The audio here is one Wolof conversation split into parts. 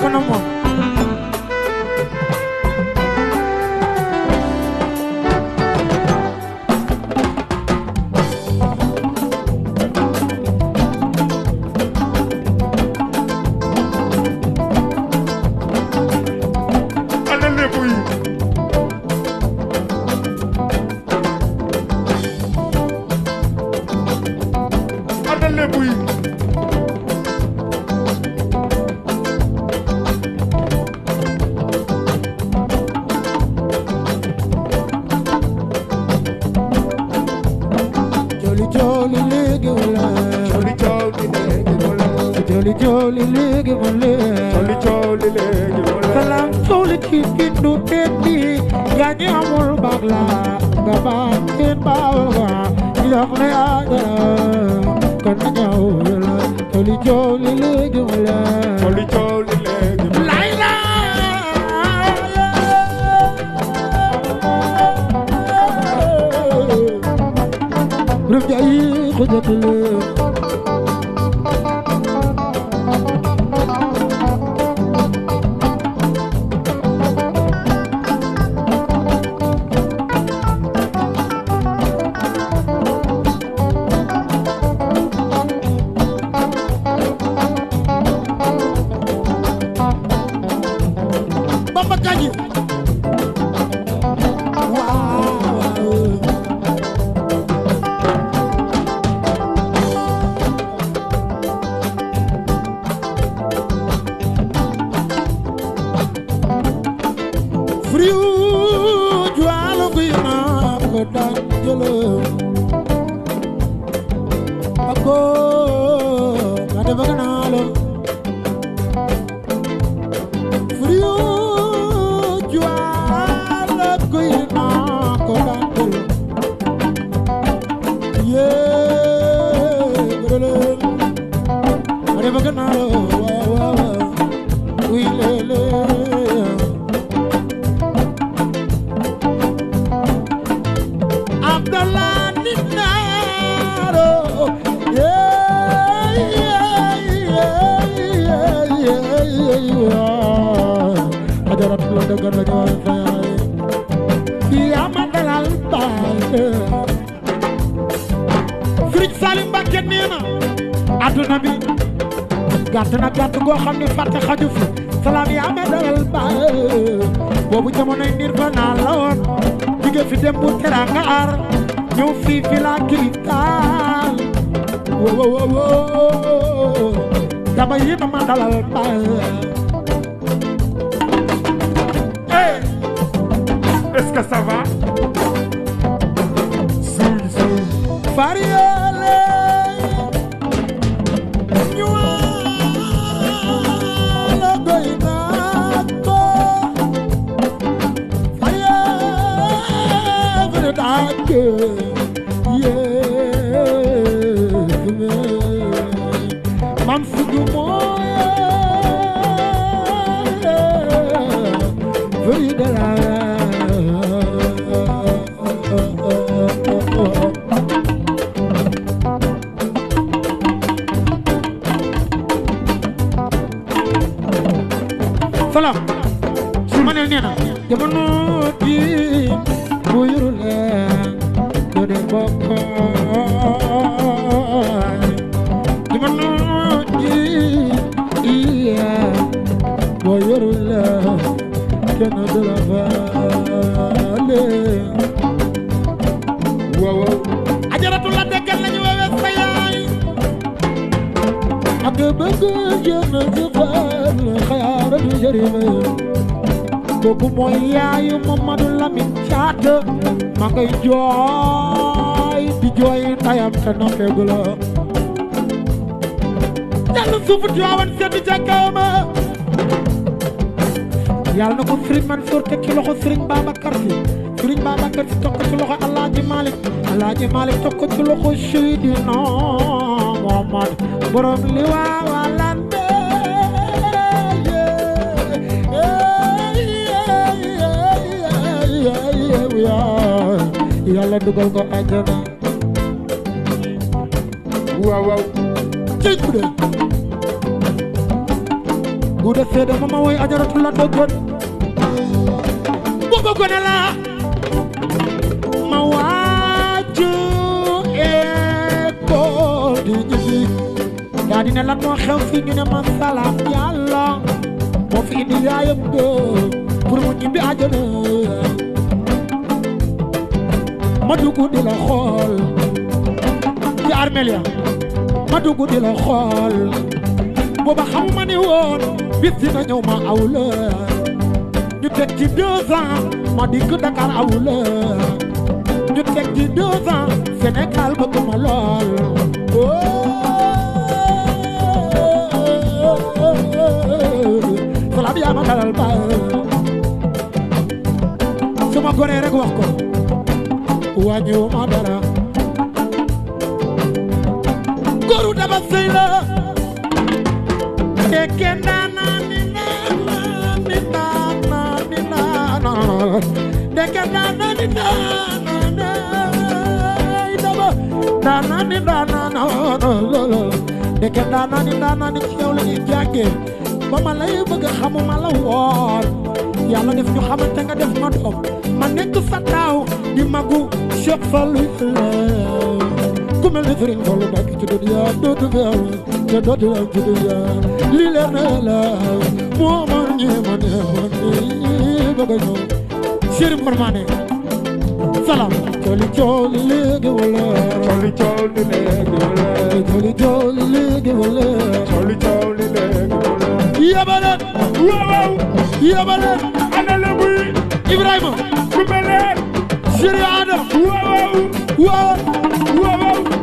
kɔnɔ mɔ la nga baal it baal nga jox ne jëloo ako ka def ak naa la furiyo juwaala kuy naa ko tàngal yee gërëleen ka def ak naa la gàtt na bi gàtt na gàtt goo xam ne fàtte xaju fi salaam yaa ma dalal ba boobu niir ba naa la woon dem bu teranga aar ñëw fi laa kilitaan wowowowo dama yi ma ba est-ce que ça va suuy suuy fario kola manel nee na jamono ji bu yuru leen du de bokk jamono ji iya bu yuru leen kenn du la faale waaw ajaratu la dëkkal lañu wewe sa yaay ak bëgg yéen Jërima kooku mooy yaayu Mamadou Lamine Thiate ma ngay jooy di jooy ndayam te noppeegu la yàlla suufu Tiwaawan a ca kawam yàlla na ko Serigne Mansour teg ci loxo Serigne Babacar Sy Serigne Babacar Sy teg ko ci loxo Alaaji Malick Alaaji Malick teg ko ci loxo Seydina Mohamad borom li waa yàlla dugal ko àjjana waaw waaw cëy gude gude seede mama woy ajaratu la dogon bogo gone la ma waaju école di ñibbi daa dina lan moo xew fi ñu ne ma salaam yàlla moo fi indi yaayam doon mu ñibbi àjjana ma dugg di la xool ci armeel ya ma dugg di la xool booba xamuma ni woon bis dina ñëw ma aw la ñu teg ci deux ans ma dikk Dakar aw la ñu teg ci deux ans Sénégal bëgg ma lool salaam yaa ma dalal ba su ma goree rek wax ko wàññiwu ma dara góoru dama sëy la te kenn daana ni naana ni naana ni naana te kenn daana la ñuy jànge ba ma lay bëgg xamuma la woon yàlla def ñu xamante nga def ma ma nekk sa taaw di magu Cheikh Fallou ku mel ne Serigne Fallou nekk ci dunya dootu fi am te dootu am ci dunya li leer na la moo ma ñëw ma ne ma ne bëgg a ñëw Cheikh Marmane salaam coli coli léegi wala coli coli léegi wala coli coli léegi wala coli coli léegi wala yabalat waaw yabalat Ibrahima. ku mel ne. Serigne Adam. waaw waaw. waaw waaw.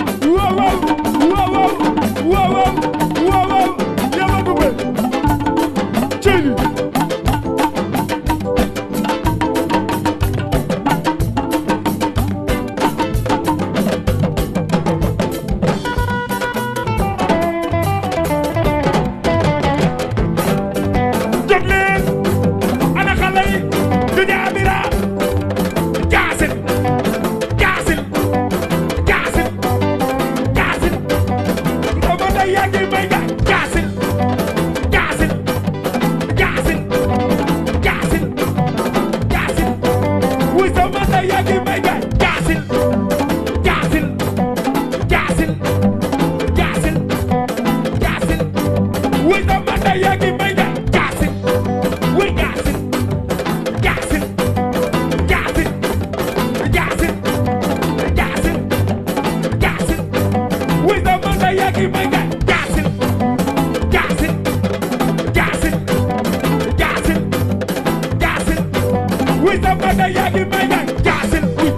da yaa ngi may nag jaasil uy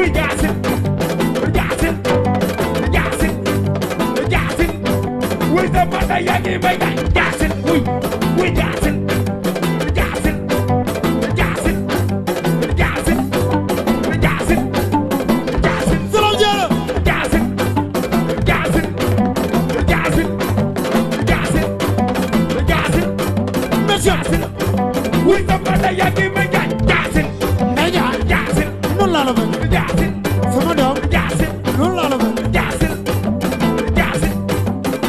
uy jaasil jaasil jaasil jaasil uy sama da yaa ngi may nag jaasil uy uy jaasil jaasil jaasil jaasil jaasil jaasil solo jara jaasil jaasil jaasil jaasil jaasil merci uy sama da yaa ngi la bëgg jaasil sama doom jaasil loolu laa la bëgg jaasil jaasil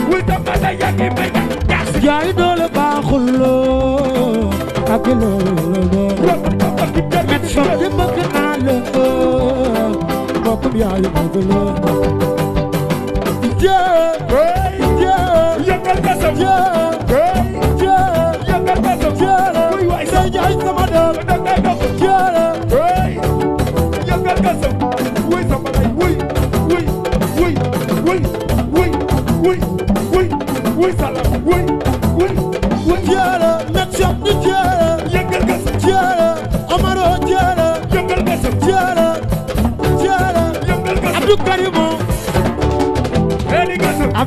wul ta ma da yàgg may da jaasil jaay doole baaxul loo ak loolu met sama di bëgg naa la bokkum yaay bëgg loo jee jee yëngal ka sama jee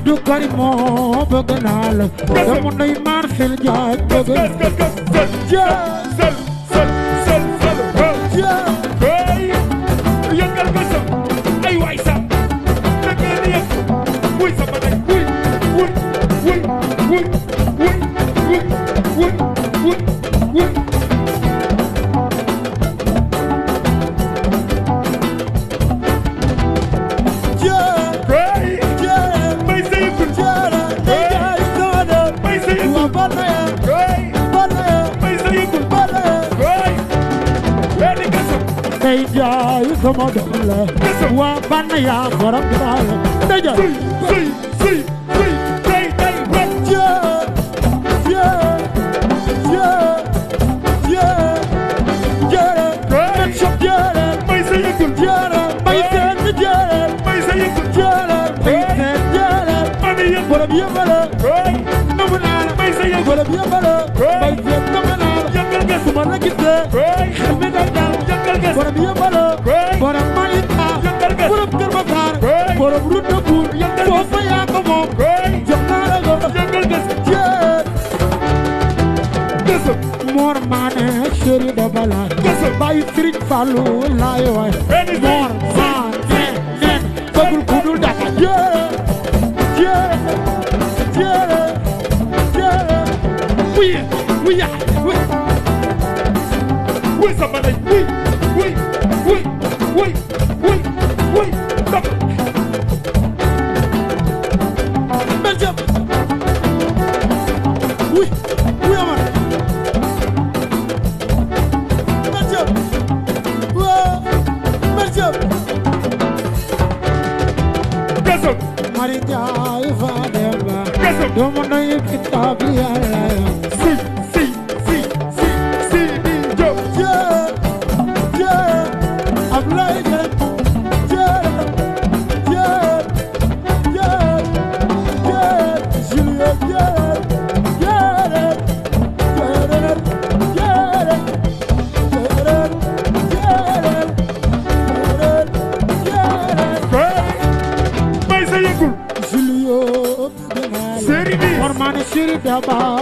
Abdou Karim moo bëgg naa la dama nay Marcel Diagne bëgg yaay sama doom la waa ban yaa borom daal daja sëy sëy sëy day day wet ye ye ye jere nek shop jere may sa yëgul jere may seen jere may sa yëgul jere may seen jere borom yëbale namu naa may sa yëgul borom yëbale may borom yëmbal borom Malika borom Kër Massar borom route de Bour foofa yaa ko moom jox naa la ko yëngal des des Mor Mané chéri da bala des bàyyi Serigne Fallou laay waay baba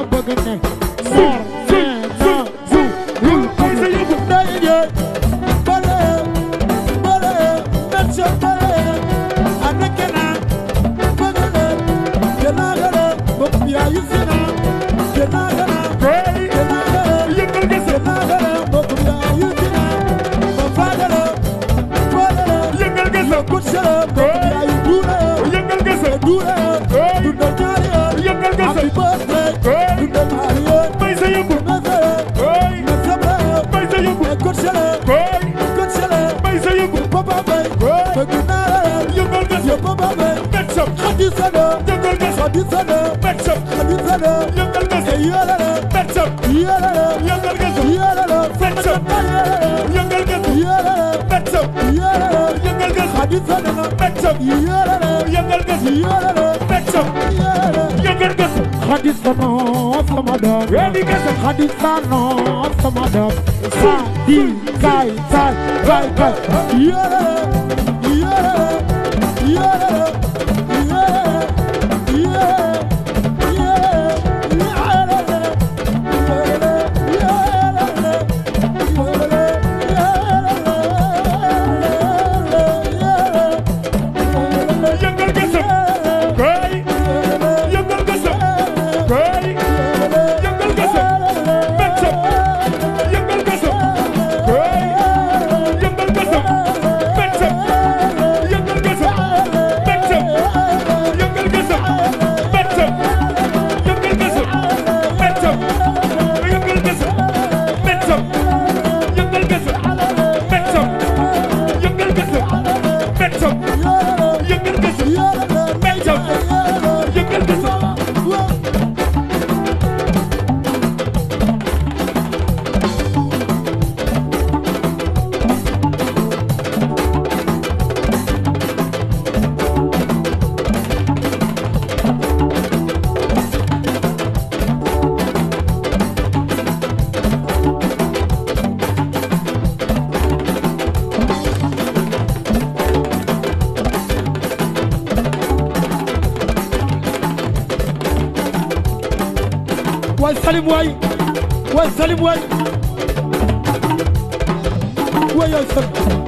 xadisa na yëngal bés xadisa na bëccëg xadisa na yëngal bés yéele na bëccëg yéele na yëngal bés yéele na bëccëg yëngal bés yéele na bëccëg yéele na yëngal bés xadisa na bëccëg yéele na yëngal bés yéele na bëccëg yéele na yëngal bés xadisa na sama doom wéli bés xadisa na sama doom saa di kaay kaay bay bay yéele na salim waay waay salim waay waay yow